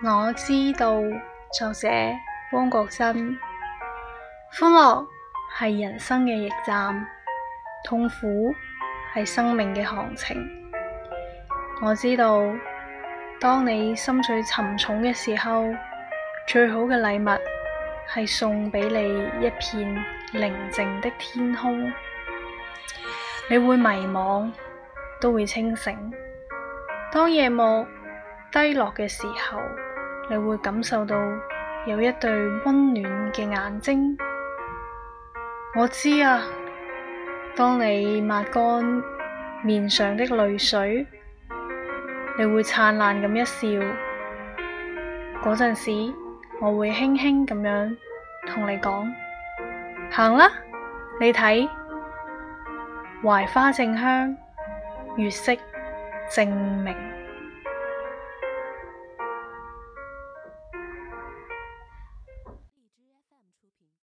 我知道，作者汪國真。歡樂係人生嘅驛站，痛苦係生命嘅行程。我知道，當你心緒沉重嘅時候，最好嘅禮物係送畀你一片寧靜的天空。你會迷茫，都會清醒。當夜幕低落嘅時候。你會感受到有一對溫暖嘅眼睛。我知啊，當你抹乾面上的淚水，你會燦爛咁一笑。嗰陣時，我會輕輕咁樣同你講：行啦，你睇，槐花正香，月色正明。